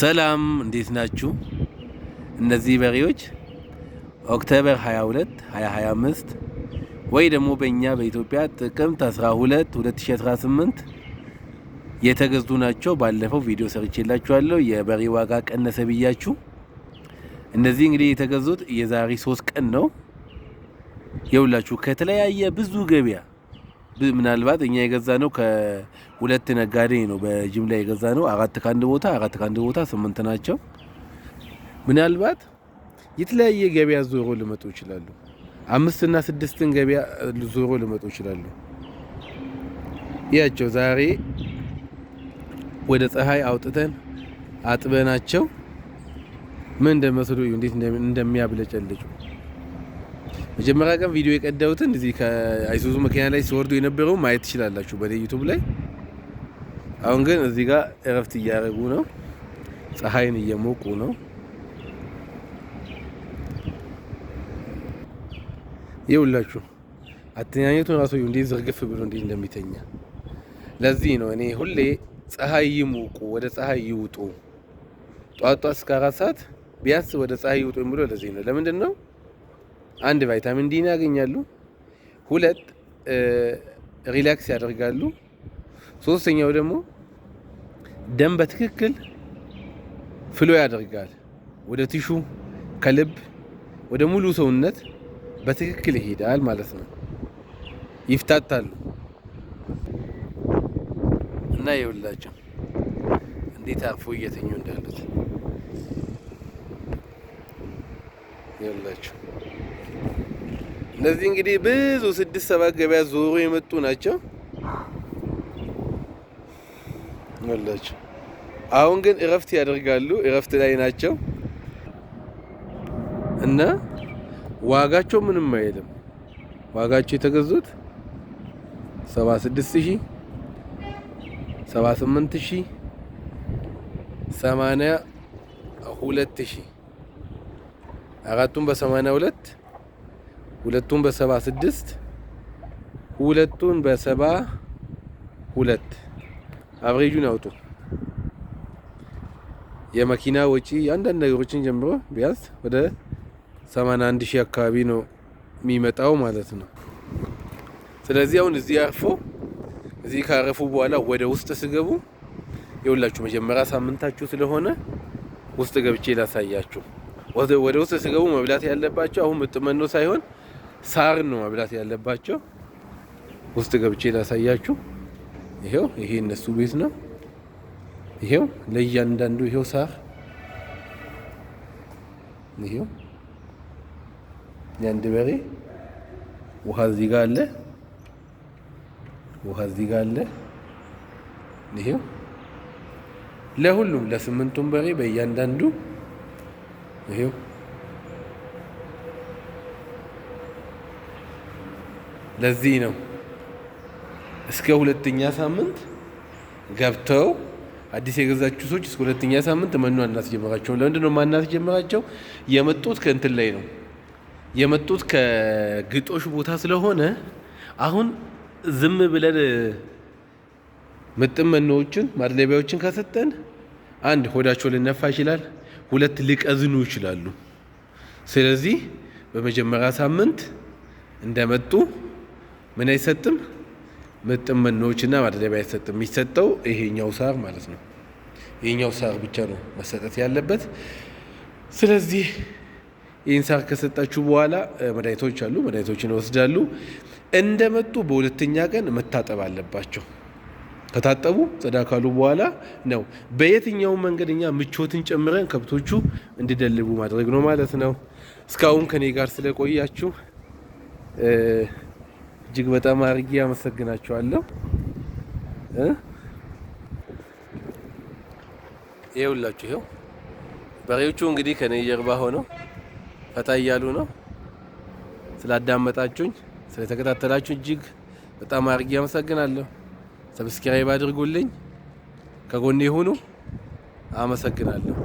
ሰላም እንዴት ናችሁ? እነዚህ በሬዎች ኦክቶበር 22 2025 ወይ ደግሞ በእኛ በኢትዮጵያ ጥቅምት 12 2018 የተገዙ ናቸው። ባለፈው ቪዲዮ ሰርቼላችኋለሁ የበሬ ዋጋ ቀነሰ ብያችሁ። እነዚህ እንግዲህ የተገዙት የዛሬ ሶስት ቀን ነው። የውላችሁ ከተለያየ ብዙ ገበያ ምናልባት እኛ የገዛ ነው ከሁለት ነጋዴ ነው በጅምላ የገዛ ነው። አራት ከአንድ ቦታ አራት ከአንድ ቦታ ስምንት ናቸው። ምናልባት የተለያየ ገበያ ዞሮ ሊመጡ ይችላሉ። አምስትና ስድስትን ገበያ ዞሮ ሊመጡ ይችላሉ። ያቸው ዛሬ ወደ ፀሐይ አውጥተን አጥበናቸው ምን እንደመስሉ እንዴት እንደሚያብለጨልጩ መጀመሪያ ቀን ቪዲዮ የቀዳሁትን እዚህ ከአይሱዙ መኪና ላይ ሲወርዱ የነበረው ማየት ትችላላችሁ በ ዩቱብ ላይ። አሁን ግን እዚህ ጋር እረፍት እያደረጉ ነው፣ ፀሐይን እየሞቁ ነው። ይኸውላችሁ አተኛኘቱን ራሱ እንዴት ዝርግፍ ብሎ እንዴት እንደሚተኛ። ለዚህ ነው እኔ ሁሌ ፀሐይ ይሙቁ ወደ ፀሐይ ይውጡ፣ ጧጧ እስከ አራት ሰዓት ቢያንስ ወደ ፀሐይ ይውጡ ብሎ ለዚህ ነው። ለምንድን ነው አንድ ቫይታሚን ዲን ያገኛሉ፣ ሁለት ሪላክስ ያደርጋሉ፣ ሶስተኛው ደግሞ ደም በትክክል ፍሎ ያደርጋል ወደ ቲሹ ከልብ ወደ ሙሉ ሰውነት በትክክል ይሄዳል ማለት ነው። ይፍታታሉ እና ይኸውላቸው እንዴት አርፎ እየተኙ እንዳሉት ይኸውላቸው። እነዚህ እንግዲህ ብዙ ስድስት ሰባት ገበያ ዞሮ የመጡ ናቸው አላቸው። አሁን ግን እረፍት ያደርጋሉ። እረፍት ላይ ናቸው እና ዋጋቸው ምንም አይልም። ዋጋቸው የተገዙት 76000፣ 78000፣ 82000 አራቱም በ82 ሁለቱን በሰባ ስድስት ሁለቱን በሰባ ሁለት አብሬጁን አውጡ። የመኪና ወጪ አንዳንድ ነገሮችን ጀምሮ ቢያንስ ወደ 81 ሺህ አካባቢ ነው የሚመጣው ማለት ነው። ስለዚህ አሁን እዚህ አርፎ እዚህ ካረፉ በኋላ ወደ ውስጥ ስገቡ የሁላችሁ መጀመሪያ ሳምንታችሁ ስለሆነ ውስጥ ገብቼ ላሳያችሁ። ወደ ውስጥ ስገቡ መብላት ያለባቸው አሁን ምጥመኖ ሳይሆን ሳርን ነው መብላት ያለባቸው። ውስጥ ገብቼ ላሳያችሁ። ይሄው ይሄ እነሱ ቤት ነው። ይሄው ለእያንዳንዱ ይሄው ሳር ይሄው የአንድ በሬ ውሃ እዚህ ጋር አለ። ውሃ እዚህ ጋር አለ። ይሄው ለሁሉም ለስምንቱም በሬ በእያንዳንዱ ይሄው ለዚህ ነው እስከ ሁለተኛ ሳምንት ገብተው አዲስ የገዛችሁ ሰዎች እስከ ሁለተኛ ሳምንት መኖ አናስጀምራቸው። ለምንድን ነው ማናስጀምራቸው? የመጡት ከእንትን ላይ ነው የመጡት ከግጦሽ ቦታ ስለሆነ አሁን ዝም ብለን ምጥን መኖዎችን ማድለቢያዎችን ከሰጠን አንድ ሆዳቸው ልነፋ ይችላል፣ ሁለት ሊቀዝኑ ይችላሉ። ስለዚህ በመጀመሪያ ሳምንት እንደመጡ ምን አይሰጥም? ምጥን መኖዎችና ማደለቢያ አይሰጥም። የሚሰጠው ይሄኛው ሳር ማለት ነው። ይሄኛው ሳር ብቻ ነው መሰጠት ያለበት። ስለዚህ ይህን ሳር ከሰጣችሁ በኋላ መድኃኒቶች አሉ፣ መድኃኒቶችን ይወስዳሉ። እንደመጡ በሁለተኛ ቀን መታጠብ አለባቸው። ከታጠቡ ጸዳ ካሉ በኋላ ነው። በየትኛው መንገደኛ ምቾትን ጨምረን ከብቶቹ እንዲደልቡ ማድረግ ነው ማለት ነው። እስካሁን ከኔ ጋር ስለቆያችሁ እጅግ በጣም አድርጌ አመሰግናቸዋለሁ። ይኸውላችሁ ይኸው በሬዎቹ እንግዲህ ከኔ ጀርባ ሆነው ፈታ እያሉ ነው። ስላዳመጣችሁኝ፣ ስለተከታተላችሁ እጅግ በጣም አድርጌ አመሰግናለሁ። ሰብስክራይብ አድርጉልኝ፣ ከጎኔ ሁኑ። አመሰግናለሁ።